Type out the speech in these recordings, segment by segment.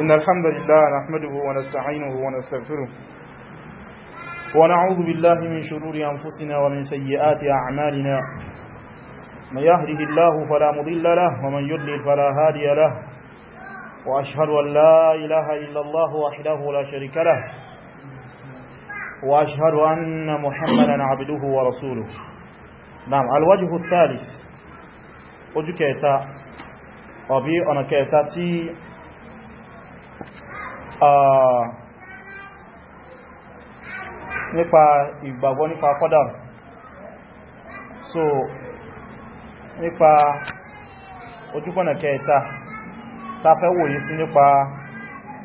إن الحمد لله نحمده ونستعينه ونستغفره ونعوذ بالله من شرور أنفسنا ومن سيئات أعمالنا من يهده الله فلا مضل له ومن يضلل فلا هادي له وأشهد أن لا إله إلا الله وحده لا شريك له وأشهد أن محمدا عبده ورسوله نعم الوجه الثالث وجه كيتا وبي أنا كيتا tí nípa ìgbàgbọ́ nípa kọ́dàrù so nípa ojúbọ̀nà kẹta ta fẹ́ wòye sí nípa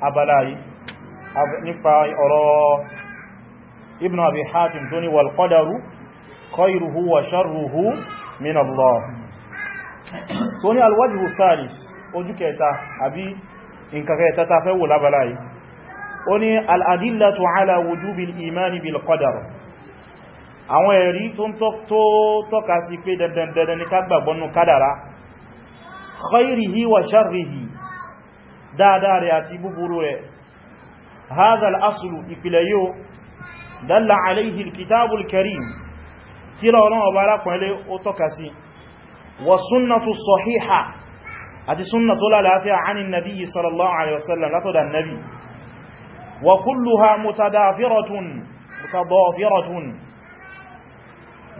abala yìí nípa ọ̀rọ̀ ibn abi hatim tó ní wal qadaru khayruhu wa sharruhu min Allah so ní alwajhu salis ojú kẹta àbí nǹkan kẹta ta fẹ́ wò lábala yìí ó ní al'adillatu ala wujubil imani bil qadar àwọn ẹ̀rí tó ń tọ́ka sí pé dandandandan ni ká gbàgbọ́ nínú kádàrá khairihi wa sharrihi dáadáa rẹ̀ àti búburú rẹ̀ hadha al-aslu ìpìlẹ̀ yóò dalla alayhi al-kitabu al-karim tí ra ọlọ́wọ́ bá rápọ̀ẹ́lẹ́ ó tọ́ka sí wa sunnatu sahiha àti sunnatu lálàáfíà anin nabiyyi sallallahu alaihi wasallam látọ̀dà nabi وكلها متضافرة متضافرة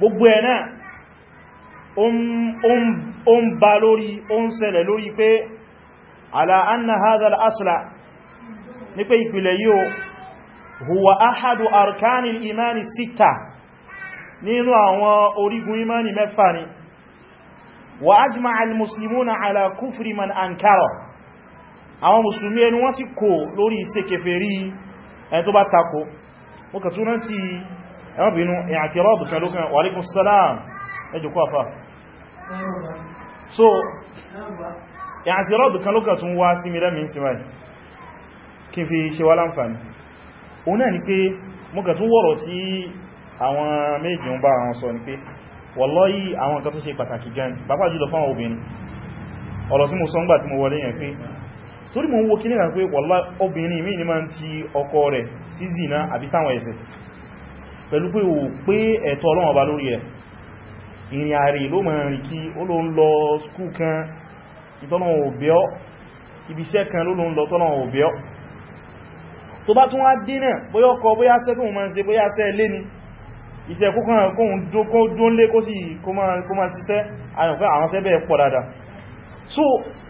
gbogbo ẹ̀ náà ó ń bá lórí ó ń ṣẹlẹ̀ lórí pé ala anna hadha al-asla ní pé ìpìlẹ̀ yíò huwa ahadu arkanil imani sita nínú àwọn orígun imani mẹ́fà ni wa ajma'a muslimuna ala kufri man ankara àwọn musulmi ẹnu wọ́n sì kò lórí iṣẹ́ kèfèrí ẹni tó bá takò mọ́ kà túnrán sí ẹwọ́bìnú àti rọ́bù kẹlókan wa alaikum salam kọ́ àfá so àti rọ́bù kẹlókan tún wá sí mi lẹ́mìí sí wáyìí kí n fi ṣe wá láǹfàní òun náà ni pé mọ́ kà tún wọ́rọ̀ sí ọ̀rọ̀ tí mo sọ ń gbà tí mo wọlé yẹn pé torí mo ń wo kíní kan pé wọ́lá obìnrin mi ní máa ń ti ọkọ rẹ̀ sí zina àbí sáwọn ẹ̀ṣẹ̀ pẹ̀lú pé o pé ẹ̀tọ́ Ọlọ́run ọba lórí rẹ̀ ìrìn àrè ló máa rìn kí ó ló ń lọ skú kan ìtọ́lọ́wọ̀n òbíọ́ ibiṣẹ́ kan ló ló ń lọ tọ́lọ́wọ̀n òbíọ́ tó bá tún wá so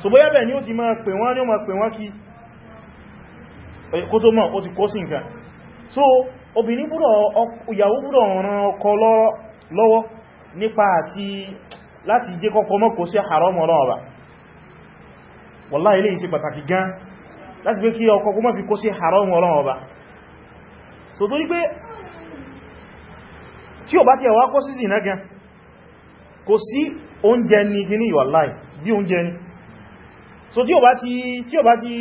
so bóyá bẹ̀ ni ó ti máa pè wọ́n ní ó máa pè wọ́n kí kó tó ó ti kó sí nǹkan so obìnrin búrọ̀ ìyàwó búrọ̀ ràn ọkọ lọ́wọ́ nípa àti láti jẹ́ kọ́kọ́ mọ́ isi pataki gan ọkọ so ti gan kò sí oúnjẹ ní gíní wallahi bí so tí ó bá ti tí ó bá ti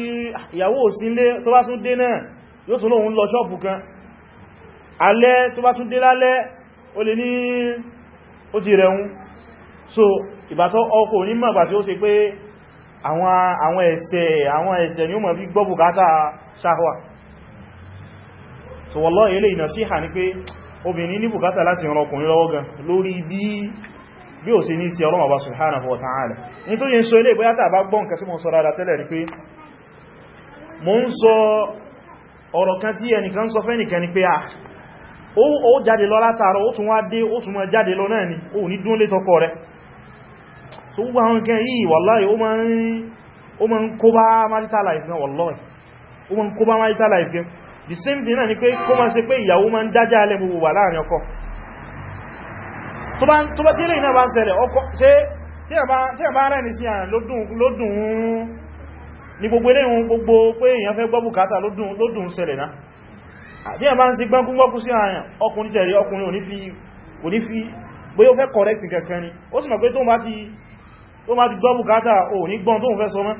ìyàwó òsínlé tó bá tún dé náà yóò tún lóhun lọ ṣọ́pù kan alẹ́ tó bá tún dé lálẹ́ ó lè ní ó ti rẹun so ìbátọ́ ọkọ onímọ̀ àgbà tí ó ṣe pé àwọn ẹ̀ṣẹ̀ àwọn ẹ̀ṣẹ̀ ni ó mọ̀ bí gbọ́ bùkátà ṣáhọ́wà so wallahi ilé ìnàṣíhà ni pé obìnrin ní bùkátà láti ìran ọkùnrin lọ́wọ́ gan bí ó sì ní sí ọlọ́mà Ọba subhanahu wa ta'ala ní tó yí ń sọ ilé ìbóyá tàbá gbọ́ nǹkan tí mo sọ pé mo ń sọ ọ̀rọ̀ kan tí ẹnìkan sọ fẹ́nìkan ni pé à ah, ó jáde lọ látàrọ ó tún wá dé ó tún mọ́ jáde ni ó ní dún lé the same thing ni pe ma ma ọkọ tó bá tí lè náà bá ń ṣẹlẹ̀ ọkọ̀ ṣe tí a bá rẹ̀ ní sí àrẹ̀ lódùn ní gbogbo eléhun gbogbo pé èyàn fẹ́ gbọ́ bùkátà lódùn ṣẹlẹ̀ náà àti ẹ̀bá ń sí gbọ́nkúngbọ́kú sí àyàn ọkùnrin tẹ̀rí ọkùnrin òní fi bóyá ó fẹ́ correct kankan ni ó sì mọ̀ pé tó má ti gbọ́ bùkátà ò ní gbọ́n tó ń fẹ́ sọ mọ́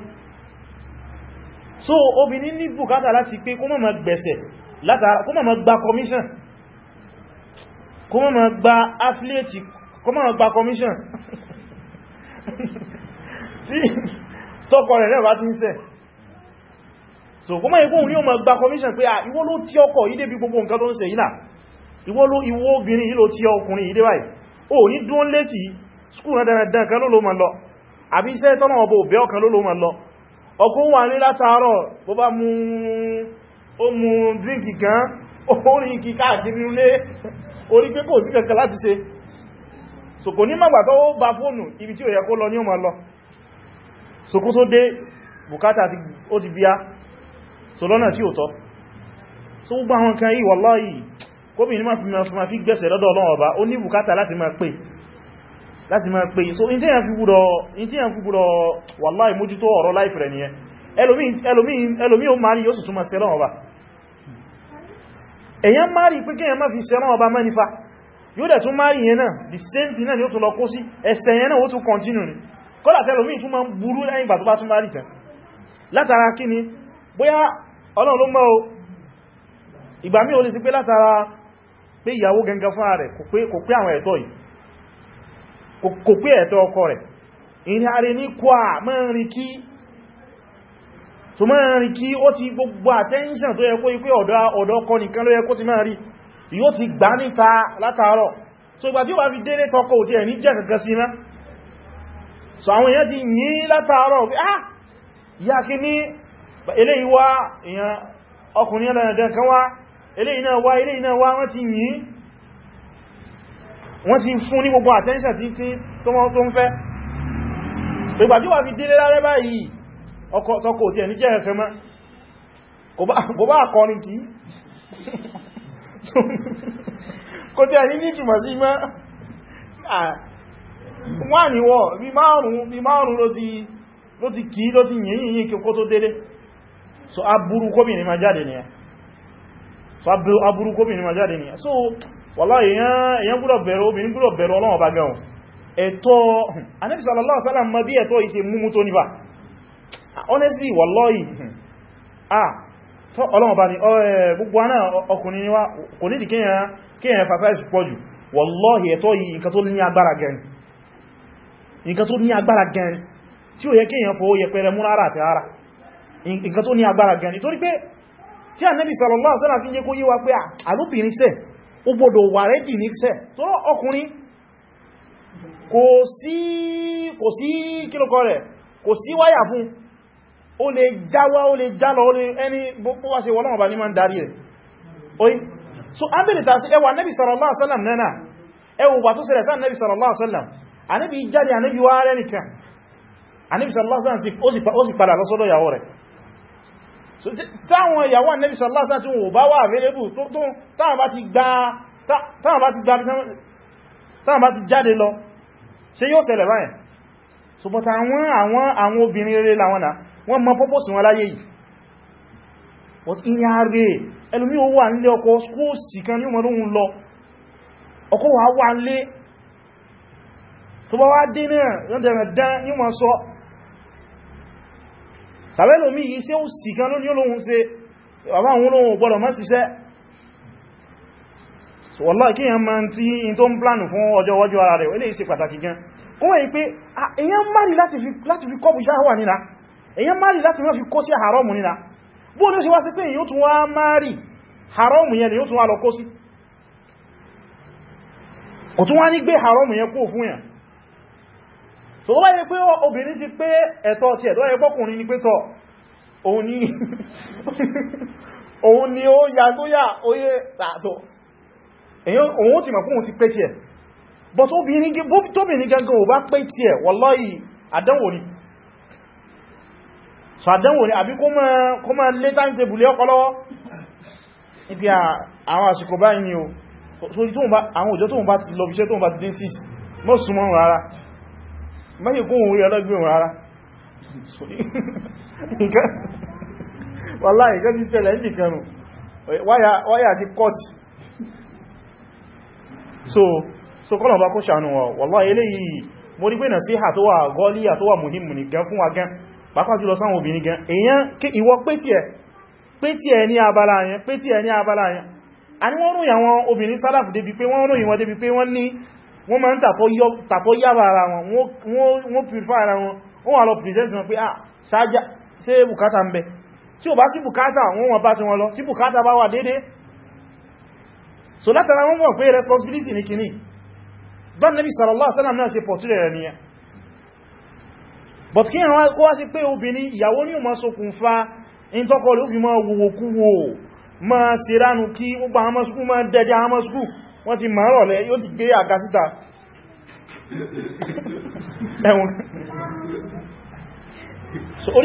so obìnrin ní bùkátà láti pé kó má má gbẹ̀sẹ̀ kó má má kó mọ́ máa gba affiliate kó mọ́ máa commission tí tọ́kọ rẹ̀ náà bá ti ń ṣe so kó mọ́ ikú ní o máa gba commission pé à ah, ìwọ ló tí ọkọ yìí débi gbogbo nǹkan tó ń ṣe yìí náà ìwọ ló ìwọ obìnrin yìí ló tí ọkùnrin yìí dé báyìí o ní dún létí skúl náà dandan kan ló ló máa lọ àbí iṣẹ́ tọ́nà ọbọ̀ òbẹ́ ọ̀kan ló ló máa lọ ọkùn wà ní látàárọ̀ bó drinki kan ó rìn kí káàkiri orí pé kò sí kẹ̀kẹ́ láti ṣe so kò ní màgbà ó bá fóònù ibi tí ó yẹ kó lọ ní ọmọ lọ so tó dé bukata ó ti bíá so lọ́nà tí ó tọ́ so gbogbo àwọn kan kóbi ní ma fi gbẹ̀sẹ̀ lọ́dọ̀ Ọlọ́run ó ní bukata láti máa láti máa so mójútó ọ̀rọ̀ nìyẹn Ọba èyàn márì pé kíyàn má fi sẹ́rán ọba mẹ́nifà yóò dẹ̀ tún márì yẹn the same thing náà ni ó tún lọ kó sí ẹsẹ̀ yẹn náà ó tún continue ni kọ́lá tẹ́lò míì tún ma ń burú lẹ́yìn ìgbà bá tún márì bóyá ọlọ́run ló o sí pé látara fún so máa rí kí ó ti gbogbo attention tó yẹ kó ipé ọ̀dọ́ ọkọ nìkan ló yẹ kó ti máa rí yóò ti gbá níta látàárọ̀ so ìgbà tí ó bá fi délé tọkọ òtí ẹ̀ ní jẹ́ kankan sí iná so àwọn èèyàn ti yí látàárọ̀ pé ah ya kí ní eléyìí wá èèyàn ọkùnrin ẹlẹ́dẹ̀ kan wá eléyìí náà wá eléyìí náà wá wọ́n ti yí wọ́n ti fún ní gbogbo attention tí tó ń fẹ́ ìgbà tí ó bá fi délé lálẹ́ báyìí tọ́kọ̀ sí ẹni jẹ́ ẹ̀fẹ́ mọ́ kò bá kọrin kìí kò tí a ní ìtùmọ̀ sí mọ́ wà níwọ̀ bí márùn-ún ló ti kìí ló ti yìnyìn yìí kí kó tó so aburú ma ni so aburú kóbìnrin ma jáde ni so wallahi èyàn gbúdọ̀ bẹ̀rẹ̀ obìnrin gbúdọ̀ bẹ̀rẹ̀ Ọlọ́run bá gan ẹ̀tọ́ honestly wallahi hmm. ah tó ọlọ́wọ̀n bá ní gbogbo aná ọkùnrin níwá kò nídìí kíyàn emphasize pọ̀ jù wallahi ẹ̀tọ́ yìí nǹkan tó ní agbara gan nǹkan ní agbara gan tí o yẹ kíyàn fowó yẹpẹrẹ mú rárá àti ara nǹkan ní agbara gan sallallahu alaihi wasallam wa fún ó lè jáwá ó lè jálọ ó lè ẹni bó wá sí wọ́n ọba ní ma ń darí rẹ̀ oí so an bèèrè tàbí ẹwà nẹ́bí sallallahu alaihi wasallam nẹ́nà ẹwù bà tó sẹ̀rẹ̀ sáà nẹ́bí sallallahu alaihi wasallam anẹ́bí jáde anẹ́bí wá rẹ̀ nìkan anẹ́bí sallallahu alaihi wasallam ó sì padà lọ́sọ́dọ̀ ìyàwó rẹ̀ táwọn ìyàwó anẹ́bí sallallahu alaihi wasallam tí wọ́n bá wà available táwọn bá ti jáde lọ ṣe yóò ṣẹlẹ̀ báyìí ṣùgbọ́n àwọn obìnrin rere làwọn náà wọ́n mọ purpose wọn láyé yìí but ìyá rẹ̀ ẹlùmí ó wà nílé ọkọ̀ skóòsì kan ní ọmọdún lọ ọkọ̀ wà wà nílé tó bá wá dé náà yọ́n tẹ̀rẹ̀ dán ní ọmọ sọ sàbẹ́lùmí iṣẹ́ ó sì kan lóní olóhun ṣe bàbá àwọn olóhun gbọ́dọ̀ so wallahi kí yẹn ma ń tí in tó ń plánù fún ọjọ́ iwájú ara rẹ̀ ó lè ṣe pàtàkì gan èyàn márì láti wọ́n fi kó sí haramu nínà bó ní ó ṣe wá sí pé èyàn tún wá márì haramu yẹn ni ó tún wá lọ kó sí kò tún wá ní gbé haramu yẹn kó fún yàn so wọ́n yẹ pé obìnrin ti pé ẹ̀tọ́ ti ẹ̀dọ́ yẹ pọ́kùnrin ni pé tọ́ òun ni ó ya tó yà óyé tààtọ̀ èyàn òun ti mọ̀ ti pé tí ẹ̀ but obìnrin gangan ò bá pé tí ẹ̀ wallahi àdánwò ni so àdánwò ní àbí kó máa lé timetable lé ọkọlọ́wọ́ ibi àwọn àsìkò báyìí ni o so àwọn òjò tóun bá ti lọ bí iṣẹ́ tóun bá ti dín 6 mọ́ súnmọ́ rárá mẹ́yìn kóhun orí ọlọ́gbìn rárá wọ́lá ìgẹ́ ti tẹ́lẹ̀ ní ìkẹrù wáyà ti kọ́tì so so kọ́lọ̀ bá kó ṣàánú wọ́lá eléyìí mo rí pé nasiha tó wà gọ́líyà tó wà muhimmu nìkan fún wa gan pàápàá jùlọ sáwọn obìnrin gan èyàn ìwọ pé tí ẹ pé tí ẹ ní abala yẹn pé tí ẹ ní abala yẹn a ní wọ́n ròyìn àwọn obìnrin sálàfù débi pé wọ́n ròyìn wọn débi pé wọ́n ní wọ́n máa ń tàpọ̀ yába ara wọn wọ́n purify ara wọn wọ́n wà lọ present wọn pé ah sáájá ṣe bùkátà ń bẹ tí ò bá sí bùkátà wọ́n wọ́n bá ti wọn lọ tí bùkátà bá wà déédéé so látara wọ́n mọ̀ pé responsibility ní kìíní bá nabi sallallahu alaihi wasallam náà ṣe pọ̀ tí rẹ̀ rẹ̀ nìyẹn but kí ìrànwá kó wá sí pé obìnrin ìyàwó ní ọmọ sókùn fa in tọ́kọ̀ ló fi máa wòwò ma ṣe ránù kí ó àmọ́ skú dẹ̀dẹ̀ àmọ́ skú wọ́n ti máa rọ̀lẹ́ yóò ti gbé àga síta so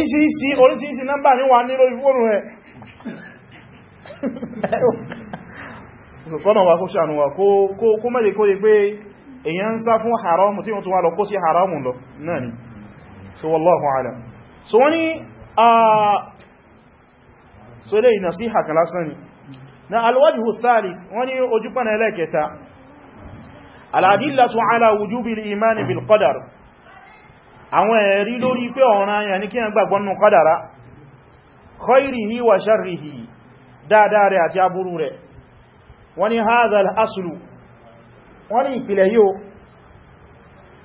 wa èyàn ń sá fún haramu tí wọ́n so wallahu alam so wani a uh, so dai nasiha kala sani na alwajhu thalith wani ojupana eleketa aladillatu ala wujubi al-iman bil qadar àwọn ẹ̀rí lórí pé ọ̀ràn yà ní kí ẹ gbàgbọ́ nù kádàrá khairihi wa sharrihi dáadáa rẹ̀ àti aburú rẹ̀ wani hadha al-aslu wani ìpìlẹ̀ yíò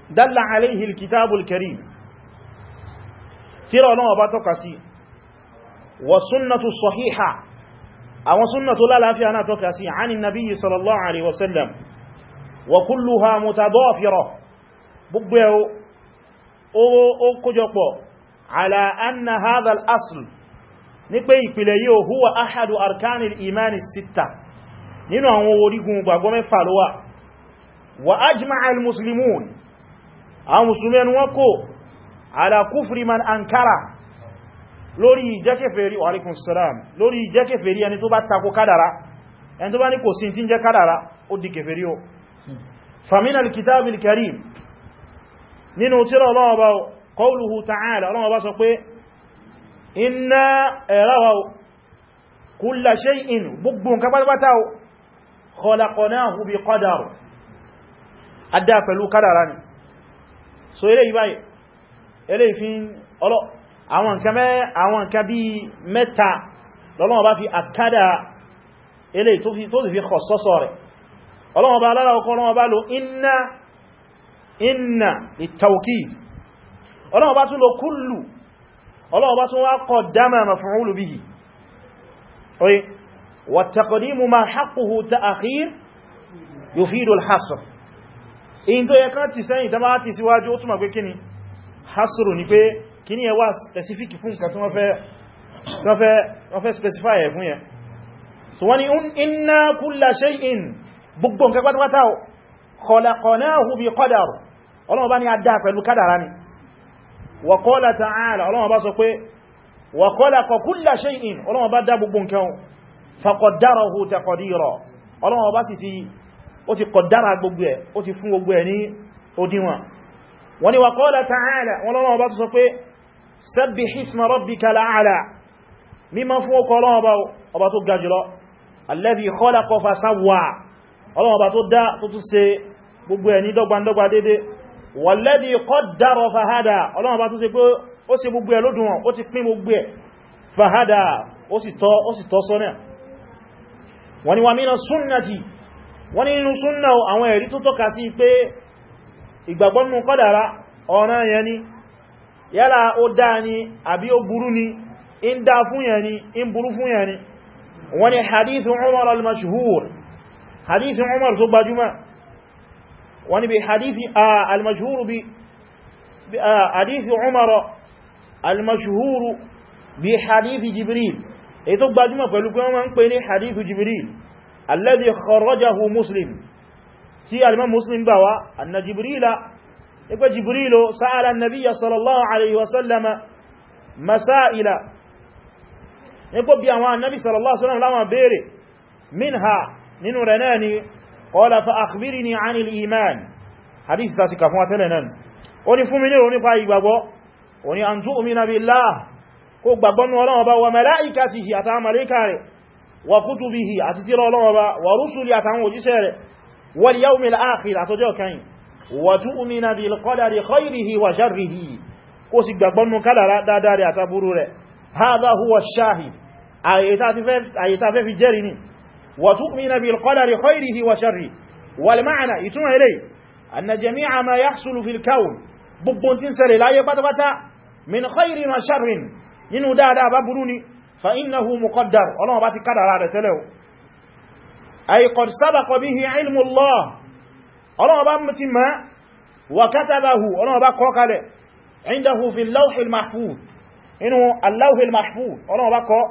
dalla alayhi al-kitabul karim tíra ọlọ́wọ́ bá tọ́ka sí wa sunnatu sahiha àwọn sunnatu lálàáfíà náà tọ́ka sí àní nabiyyi sallallahu alaihi wasallam wa kulluha mutadafira gbogbo ẹ̀ ó kójọpọ̀ ala anna hadha al-asl ní pé ìpìlẹ̀ yíò huwa ahadu arkanil imani àwọn musulmi ẹnu wọn kò ala kufri man ankara lórí ìjẹ́kẹfẹ̀ẹ́rí wa alaikum salam lórí ìjẹ́kẹfẹ̀ẹ́rí ẹni tó bá tako kádàrá ẹni tó bá ní kò sí tí ń jẹ́ kádàrá ó di kẹfẹ̀ẹ́rí o famina alkitab alkarim nínú tírà Ọlọ́hun Ọba qawluhu ta'ala Ọlọ́hun Ọba sọ so ilé yìí eléyìí fi ọlọ́ àwọn nǹkan mẹ́ àwọn nǹkan bí mẹ́ta lọ́lọ́wọ́ bá fi àkádà eléyìí tó sì fi kọ̀ sọ́sọ́ rẹ̀ ọlọ́wọ́ bá lára ọkọ̀ ọlọ́wọ́ bá lo inna inna littawkid ọlọ́wọ́ bá tún lo kullu ọlọ́wọ́ bá tún wá kọ̀ dáma maf'ulu bihi oye wa taqdimu ma haqquhu ta'khir tó yẹ kan ti sẹ́yìn tàbá ti síwájú ó túnmà pé kíni hasro ni pé kí ní ẹwà specific fún nǹkan tí wọ́n fẹ́ specify ẹ̀ fún yẹn so wọ́n ni inna kulla shay'in gbogbo nǹkan pátápátá khalaqnahu bi qadar Ọlọ́run bá ní a dá pẹ̀lú kádàrá ni wa qala ta'ala Ọlọ́run bá sọ pé wa khalaqa kulla shay'in Ọlọ́run bá dá gbogbo nǹkan faqaddarahu taqdira Ọlọ́run bá sì ti ó ti kọ̀dára gbogbo ẹ̀ ó ti fún gbogbo ẹ̀ ní òdiwọ̀n wọ́n ní wa qala ta'ala wọ́n lọ́wọ́ bá tó sọ pé sabbih isma rabbikal a'la mímọ̀ fún ọkọ̀ ọlọ́wọ́ ọba tó ga jùlọ alladhi khalaqa fasawwa ọlọ́wọ́ ọba tó dá tó tún ṣe gbogbo ẹ̀ ní dọ́gbandọ́gba dédé walladhi wọ́n ní wa ìgbàgbọ́ nínú kádàrá ọ̀ràn yẹn ni yálà ó dáa ni àbí ó burú ni in dá fún yẹn ni in burú fún yẹn ni wani hadith umar al-mashhur hadith umar tó gbajúmọ̀ wani bi hadith al-mashhur bi hadith umar al-mashhur bi hadith jibril èyí tó gbajúmọ̀ pẹ̀lú pé wọ́n ń pè ní hadith jibril alladhi kharajahu muslim tí alimọ́ muslim gbà wá anna jibrila ipé jibrilo sa'ala annabiya sallallahu alaihi wasallama masa'ila ipé bí àwọn annabi sallallahu alaihi wasallam láwọn bèèrè min ha nínú rẹ̀ náà ni qala fa akhbirni anil iman hadith ta sì kàfún wátẹ́lẹ̀ náà ó ní fún mi ní òní pa ìgbàgbọ́ ó ní an tu'mina billah kó gbàgbọ́ ní Ọlọ́run Ọba wa malaikatihi àtàwọn malaika rẹ̀ wa kutubihi àti tírà Ọlọ́run Ọba wa rusuli àtàwọn òjíṣẹ́ rẹ̀ wal yawmil akhir àtọjọ́ kan wa tu'mina bil qadari khayrihi wa sharrihi kó sì gbàgbọ́ nínú kádàrá dáadáa rẹ̀ àtàbúrú rẹ̀ hadha huwa ash-shahid àyètà fẹ́ fi jẹ́rì ní wa tu'mina bil qadari khayrihi wa sharrihi wal ma'na ìtúnmà ilé anna jami'a ma yahsulu fil kawn gbogbo tí ń ṣẹlẹ̀ láyé أي قد سبق به علم الله الله أبا متما وكتبه الله أبا قال عنده في اللوح المحفوظ إنه اللوح المحفوظ الله أبا قال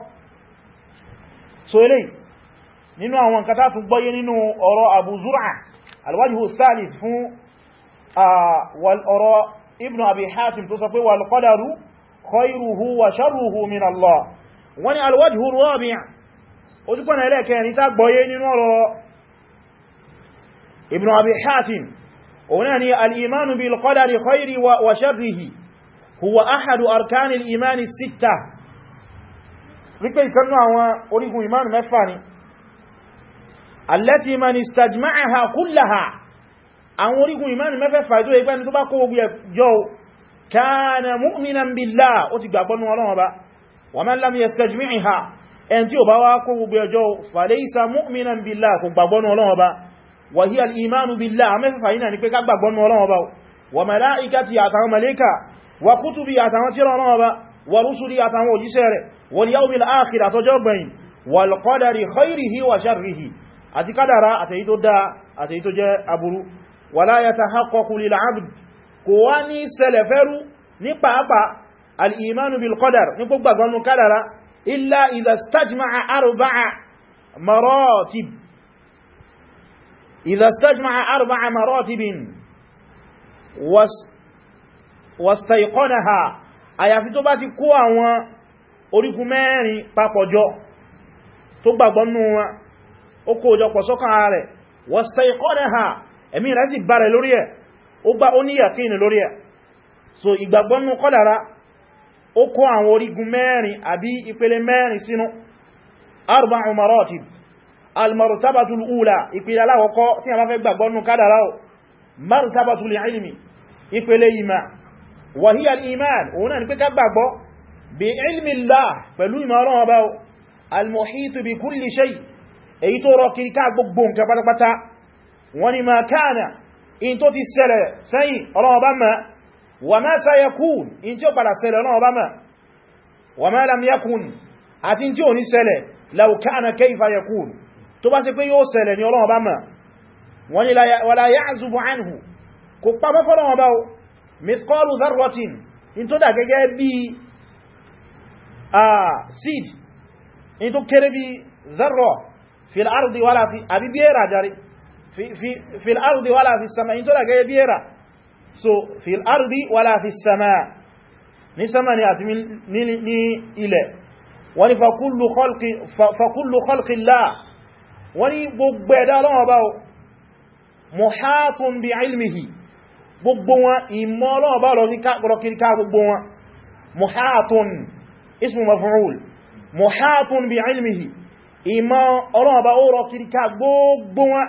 سؤالي نينو هو انكتا تبين انو اراء ابو زرعة الوجه الثالث فو آه، والأرى ابن ابي حاتم تصفي والقدر خيره وشره من الله واني الوجه الرابع ojúpọ̀nà ẹlẹ́kẹrin tá gbọ́yé nínú ọ̀rọ̀ Ibn Abi Hatim òun náà ni al'imanu bil qadari khairi wa sharrihi huwa ahadu arkani al'imani sita wípé ìkannu àwọn orígun imanu mẹ́fà ni allati man istajma'aha kullaha àwọn orígun imanu mẹ́fà ìjọ ìgbẹ́ni tó bá kó gbogbo ẹjọ́ ẹn tí ó bá wá kó gbogbo ẹjọ́ falaysa mu'minan billah kò gbàgbọ́nù Ọlọ́run Ọba wa hiya al-imanu billah amẹ́fẹ́fà yínà ní pé ká gbàgbọ́nù Ọlọ́run Ọba wa malaikati àtàwọn mẹ́lẹ́kà wa kutubi àtàwọn tírà Ọlọ́run Ọba wa rusuli àtàwọn òjíṣẹ́ rẹ̀ wal yawmil akhir àtọjọ́ al-imanu bil qadar ní gbogbo àgbọ́nù kádàrá إلا إذا استجمع أربع مراتب إذا استجمع أربع مراتب واستيقنها àyàfi tó bá ti kó àwọn orígun mẹ́rin papọ̀jọ tó gbàgbọ́ nú wọn ó kó òjọpọ̀ sọ́kàn rẹ̀ wastayqanaha ẹ̀mí rẹ̀ sì bá rẹ̀ so ìgbàgbọ́ ó kó àwọn orígun mẹ́rin àbí ìpele mẹ́rin sínú arba'u maratib almartabatul ula ìpele alákọ̀ọ́kọ́ tí a bá fẹ́ gbàgbọ́ nínú kádàrá o martabatul ilmi ìpele ìmà wa hiya al-iman òun náà ni pé ká gbàgbọ́ bí ilmi Allah pẹ̀lú ìmọ̀ Ọlọ́run Ọba al-muhit bi kulli shay èyí tó rọ kiri ká gbogbo nǹkan pátápátá wọ́n ni ma kana in tó ti ṣẹlẹ̀ sẹ́yìn Ọlọ́run Ọba wa ma sayakun in tí ó padà ṣẹlẹ̀ náà bá ma wa ma lam yakun àti tí ó ní ṣẹlẹ̀ law kana kayfa yakun tó bá ṣe pé yóò ṣẹlẹ̀ ní Ọlọ́run bá ma wọ́n ni wala ya'zubu anhu kò pa mọ́fọ́lọ́wọ́ bá o mithqalu dharratin in tó dà gẹ́gẹ́ bí seed in tó kéré bí dharra fil ardi wala fi àbí bí èèrà jari so fil ardi wala fi sama ní sama ni àti ní ilẹ̀ wani fakullu khalqi la wani gbogbo ẹ̀dá lọ́wọ́ bá muhatun bi ilmihi gbogbo wọn ìmọ̀ lọ́wọ́ bá lọ ní kọ́kọ́rọ́kíká gbogbo wọn muhatun ismu maf'ul muhatun bi ilmihi ìmọ̀ ọlọ́wọ́ bá ó rọ gbogbo wọn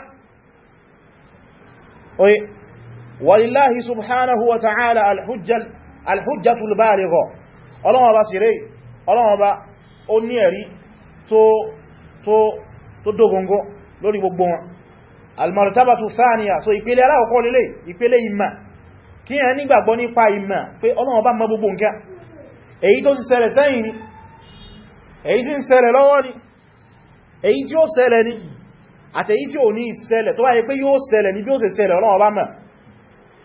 wàlìláhì subhanahu wa ta'ala alhujjatul baligha ọlọ́wọ́ bá sí rẹ̀ ọlọ́wọ́ bá ó ní ẹ̀rí tó dógóngó lórí gbogbo wọn almartabatu thaniya so ìpele aláwọ̀kọ́ lílé ìpele ìmà kí ẹ nígbàgbọ́ nípa ìmà pé ọlọ́wọ́ bá mọ̀ gbogbo nǹkan èyí tó ti ṣẹlẹ̀ sẹ́yìn ni èyí tí ń ṣẹlẹ̀ lọ́wọ́ ni èyí tí ó ṣẹlẹ̀ ni àtèyí tí ò ní ṣẹlẹ̀ tó wáyé pé yóò ṣẹlẹ̀ ní bí ó ṣe ṣẹlẹ̀ ọlọ́wọ́ bá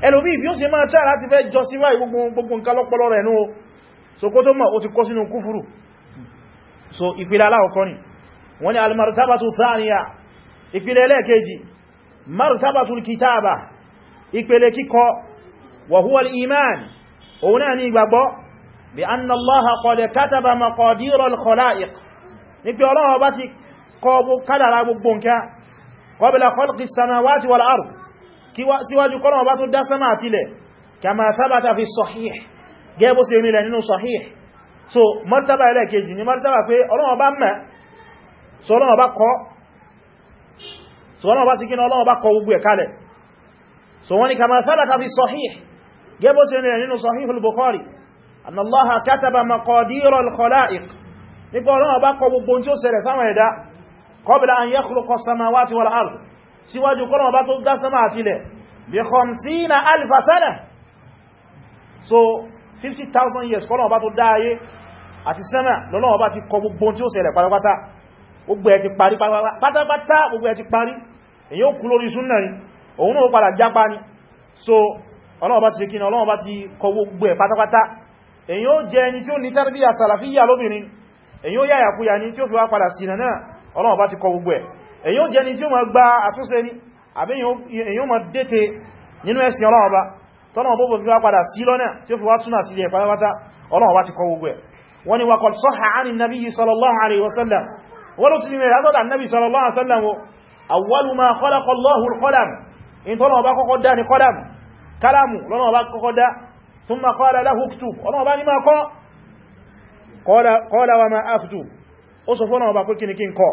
ẹlòmí ìbí ó sì máa tàà láti fẹ́ jọ sí wáyé gbogbo nǹkan lọ́pọlọ rẹ̀ núó so kó tó mọ̀ ó ti kó sínú kúfùrù so ìpìlẹ̀ aláwọ̀kọ́ ni wọ́n ni almartabatu thaniya ìpìlẹ̀ ẹlẹ́ẹ̀kejì martabatu kitaba ìpìlẹ̀ kíkọ wa huwa al-iman òun náà ni ìgbàgbọ́ bí anna allaha qad kataba maqadir kádàrà gbogbo nǹkan qabla khalqi samawati wal síwájú kọ́lọ̀ ọba tó dá sánmà àtilẹ̀ kama thabata fi sahih gẹ́bó sí onílẹ̀ nínú sahih so martaba ẹlẹ́kejì ni martaba pé Ọlọ́run bá mẹ́ so Ọlọ́run bá kọ́ so Ọlọ́run bá sí kíná Ọlọ́run bá kọ gbogbo ẹ̀ síwájú kọ́lọ̀wọ́ bá tó dá sánmà àtilẹ̀ bí khamsina alfa sana so 50,000 years kọ́lọ̀wọ́ bá tó dá ayé àti sánmà lọ́lọ́wọ́ bá ti kọ gbogbo tí ó ṣẹlẹ̀ pátápátá gbogbo ẹ̀ ti parí pátápátá gbogbo ẹ̀ ti parí èyí ó kú lórí súnnà ni òun náà padà jápa so ọlọ́wọ́ bá ti ṣe kíni ọlọ́wọ́ bá ti kọ gbogbo ẹ̀ pátápátá èyí ó jẹ ẹni tí èyí ó jẹni tí ó ma gba àtúnṣe ní àbí èyí ó ma déte nínú ẹ̀sìn ọlọ́run ọba tọ́nà bóbò fi wá padà sí lọ́nà tí ó fi wá túnà sí ilẹ̀ pátápátá ọlọ́run ọba ti kọ gbogbo ẹ̀ wọ́n ni wakọ̀ sọ́hà á ní nabi sallallahu alaihi wasallam wọ́n ló ti ní rẹ̀ látọ̀dà nabi sallallahu alaihi wasallam wo awwalu ma khalaqa Allahu al-qalam in tọ́nà ọba kọ́kọ́ dá ni qalam kalamu lọ́nà ọba kọ́kọ́ ó sọ fọ́nà ọba pé kí ni kí n kọ́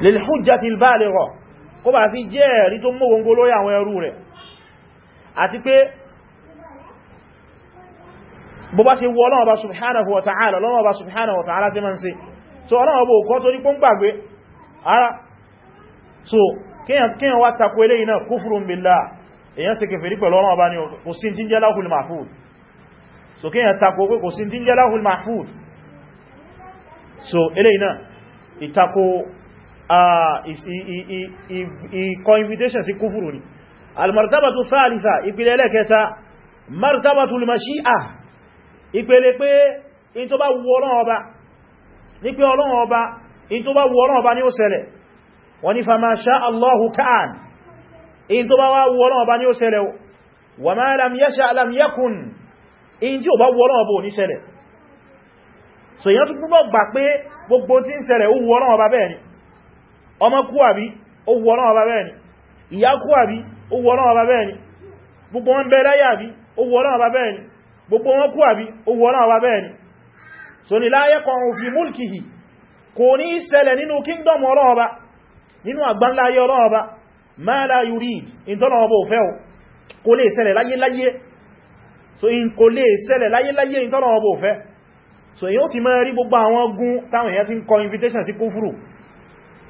lil-hujjatil baligha kó bá fi jẹ́ ẹ̀rí tó mọ́gbọ́ngbọ́ lórí àwọn ẹrú rẹ̀ àti pé bó bá ṣe wọ Ọlọ́run Ọba subhanahu wa ta'ala Ọlọ́run Ọba subhanahu wa ta'ala sí ma ń ṣe so Ọlọ́run Ọba òkọ́ tó ní pọ́n gbàgbé ara so kíyàn wá takò eléyìí náà kufrun billah èyàn ṣe kèfèrí ìkọ ah, invitation sí kúfùrù ni almartabatu thalitha ìpìlẹ̀ ẹlẹ́kẹta martabatu mashi'a ìpìlẹ̀ pé in tó bá wù Ọlọ́run ọba ní pé Ọlọ́run ọba in tó bá wù Ọlọ́run ọba ní ó ṣẹlẹ̀ wọ́n ní fama sha Allahu ka'an in tó bá wá wù Ọlọ́run ọba ní ó ṣẹlẹ̀ wa ma lam yasha lam yakun in tí ó bá wù Ọlọ́run ọba ò ní ṣẹlẹ̀ so èyàn tó gbogbo gbà pé gbogbo tí ń ṣẹlẹ̀ ó wù Ọlọ́run ọba bẹ́ẹ̀ ni ọmọ kú àbí ó wù Ọlọ́run Ọba bẹ́ẹ̀ ni ìyá kú àbí ó wù Ọlọ́run Ọba bẹ́ẹ̀ ni gbogbo wọn bẹ láyé àbí ó wù Ọlọ́run Ọba bẹ́ẹ̀ ni gbogbo wọn kú ó wù Ọlọ́run Ọba bẹ́ẹ̀ ni so ni láyé kan fi múlkìhì kò ní ṣẹlẹ̀ nínú kingdom Ọlọ́run Ọba nínú in kò lè ṣẹlẹ̀ láyé láyé ìtọ́lọ́run Ọba ò fẹ́ so èyí ó ti máa rí gbogbo invitation sí kúfùrù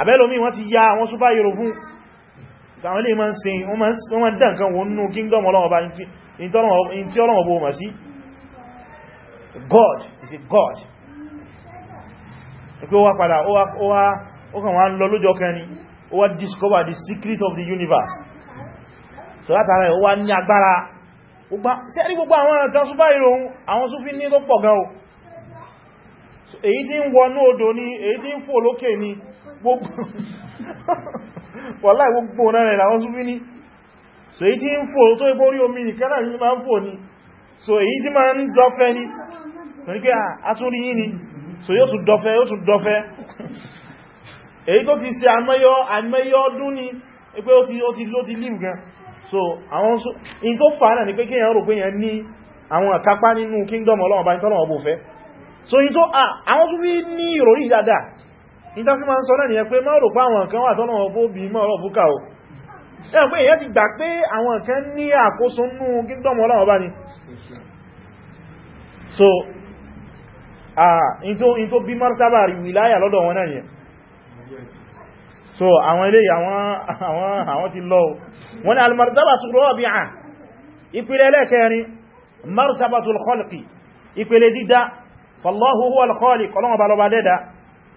àbẹ́lòmí wọ́n ti ya àwọn súpá yìí fún àwọn ilé ma ń sin wọ́n ma ń dán kan wọn nú kingdom ọlọ́ọ̀bá in tí ọlọ́wọ̀ bó mọ̀ sí God is a God pé wá padà ó kàn wá ń lọ lójọ kan ó wá discover the secret of the universe so látara ẹ̀ ó wá ní agbára sẹ́rí gbogbo àwọn àtà súpá ìròhun àwọn súnfí ní tó pọ̀ gan o èyí tí ń wọnú odò ni èyí tí ń fò lókè ni wàláì gbogbo náà rẹ̀ làwọn súnfí ní so èyí tí ń fò tó ipò orí omi nìkan náà ní máa ń fò ní so èyí tí máa ń dọ́fẹ́ ní torí pé àtúrí ah, yìí ni so yóò tún dọ́fẹ́ yóò tún dọ́fẹ́ èyí tó ti ṣe àmẹ́yọ́ ọdún ni pé ó ti ló ti líù gan so àwọn in tó fà náà ni pé kíyàn rò pé yẹn ní àwọn àkápá nínú kingdom Ọlọ́run bá so in tó ah, àwọn tún fi ní ìròrí dáadáa níta fi ma ń sọ náà nìyẹn pé má rò pa àwọn nǹkan wà tọ́nà ọgbó bí mọ́ ọ̀rọ̀ búkà o ẹ̀yàn pé èyàn ti gbà pé àwọn nǹkan ní àkóso nú kingdom ọlọ́wọ́ bá ní so in tó bí martaba rí wìláyà lọ́dọ̀ wọn náà nìyẹn so àwọn ilé àwọn ti lọ wọn ni almartaba tó rọ́ bí àn ìpìlẹ̀ ẹlẹ́kẹrin martaba tó khalqi ìpìlẹ̀ dídá fallahu huwa al-khaliq kọlọ́wọ́ bá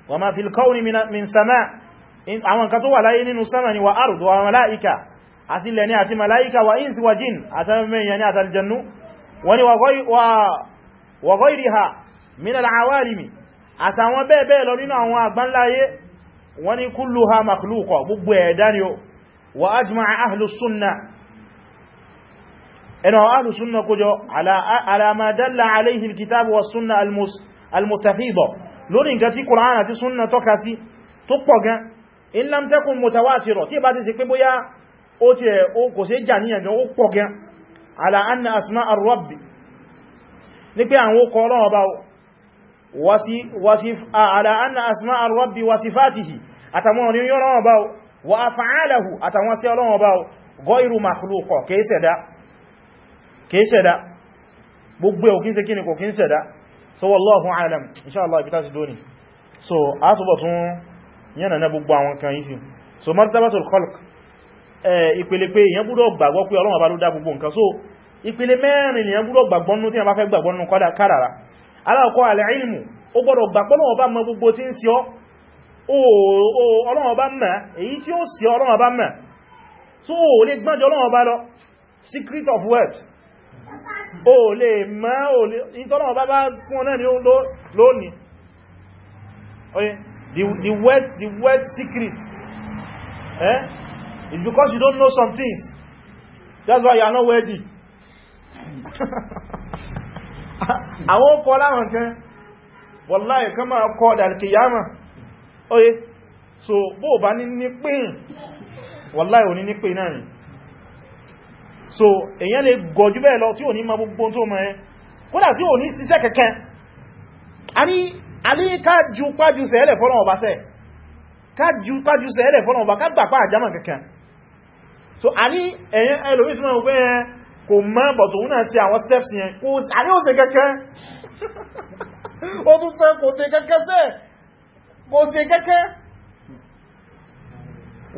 wa ma fil kawni min sama àwọn kan tó wà láyé nínú sama ni wa ardu wa mala'ika àti ilẹ̀ ni àti mala'ika wa insi wa jin àtàmẹ́yàn ni àtàljannu wani wa ghayriha min al'awalimi àtàwọn bẹ́ẹ̀bẹ́ẹ̀ lọ nínú àwọn àgbánláyé wani kulluha makhluqa gbogbo ẹ̀dá ni ó wa ajma'a ahlus sunnah ẹnu àwọn ahlus sunnah kójọ ala lórí nǹkan tí Kùránì àti súnnà tọ́ka sí tó pọ̀ gan in lam takun mutawatirọ̀ tí bá ti ṣe pé bóyá ó ti ẹ̀ ó kò sí jà níyànjọ́ ó pọ̀ gan ala anna asma ar-rabbi ní pé àwọn okọ̀ ọlọ́wọ́ bá ala anna asma ar-rabbi wa sifatihi àtàwọn orin kìí ṣẹ̀dá gbogbo ẹ̀ kò kìí kíni kò kìí ṣẹ̀dá so wallahu alam inshallah ibi tàti dóní so a túbọ̀ tún yànà na gbogbo àwọn kan yìí so martabatul khalq ìpele pé èyàn gbọ́dọ̀ gbàgbọ́ pé Ọlọ́run bá ló dá gbogbo nǹkan so ìpele mẹ́rin èyàn gbọ́dọ̀ gbàgbọ́ nínú tí a bá fẹ́ gbàgbọ́ nínú kádàrá alákọ̀ọ́kọ́ al-ilmu ó gbọ́dọ̀ gbàgbọ́ Ọlọ́run bá mọ gbogbo tí ń sí ọ Ọlọ́run bá mọ̀ èyí tí ó sí Ọlọ́run bá mọ̀ so ó lè gbọ́njọ Ọlọ́run bá lọ secret of words o le ma o lè ìtọ́lọ̀ bá fún ọ̀nà ni ó lónìí oye the word the word secret eh it's because you don't know some things that's why you are not worthy àwọn kọ́ láwọn kan wọ́láyé kan máa kọ́ dàríkìyàmà oye so bó bá ní ní pín ò ní náà so èyàn lè gọ̀jú bẹ́ẹ̀ lọ tí ò ní ma gbogbo tó mọ̀ ẹ́ kódà tí ò ní ṣiṣẹ́ kẹ́kẹ́ a ní kájú pájú sẹ́ẹ̀lẹ̀ fọ́nà ọba sẹ́ kájú pájú sẹ́ẹ̀lẹ̀ fọ́nà ọba ká gbàpá àjámà kẹ́kẹ́ so a ní ẹ̀yàn ẹlòmí tí wọ́n wẹ́ kò mọ́ bọ̀tò wúnà sí àwọn steps yẹn kò a ní ó ṣe kẹ́kẹ́ ó tún fẹ́ kò ṣe kẹ́kẹ́ sẹ́ kò ṣe kẹ́kẹ́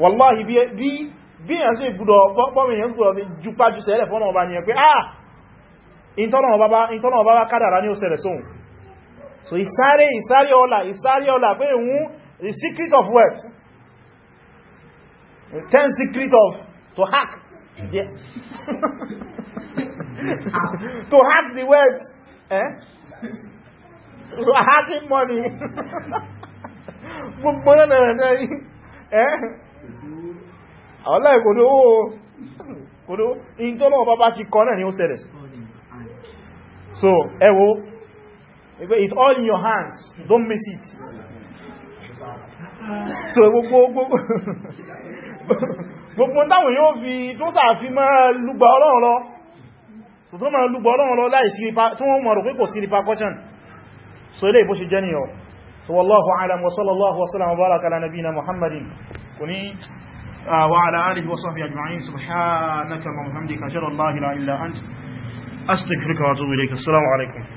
wallahi bí bí èyàn sí ìgbùdọ̀ pọ́mì èyàn gbùdọ̀ sí jùpájú sẹ́lẹ̀ fọ́nà ọba ni ẹ pé ah ìtọ́nà ọba kádàrá ní ó ṣẹlẹ̀ sóhun so ìsáré ìsáré ọlá ìsáré ọlá pé ìwún the secret of wealth ten secret of to hack yeah. to hack the wealth eh? so hacking money gbogbo náà rẹ̀ àwọ́láì kò o kò in tó lọ́wọ́ bá ti kọ́ náà ni ó so ẹwọ́ it's all in your hands don't miss it so gbogbo gbogbo yóò fi tó lúgbà ọlọ́run so tó lúgbà ọlọ́run lọ láì so ilé ìbó ṣe jẹ́ so آه، وعلى آله وصحبه أجمعين سبحانك اللهم وبحمدك أشهد أن لا إله إلا أنت أستغفرك وأتوب إليك السلام عليكم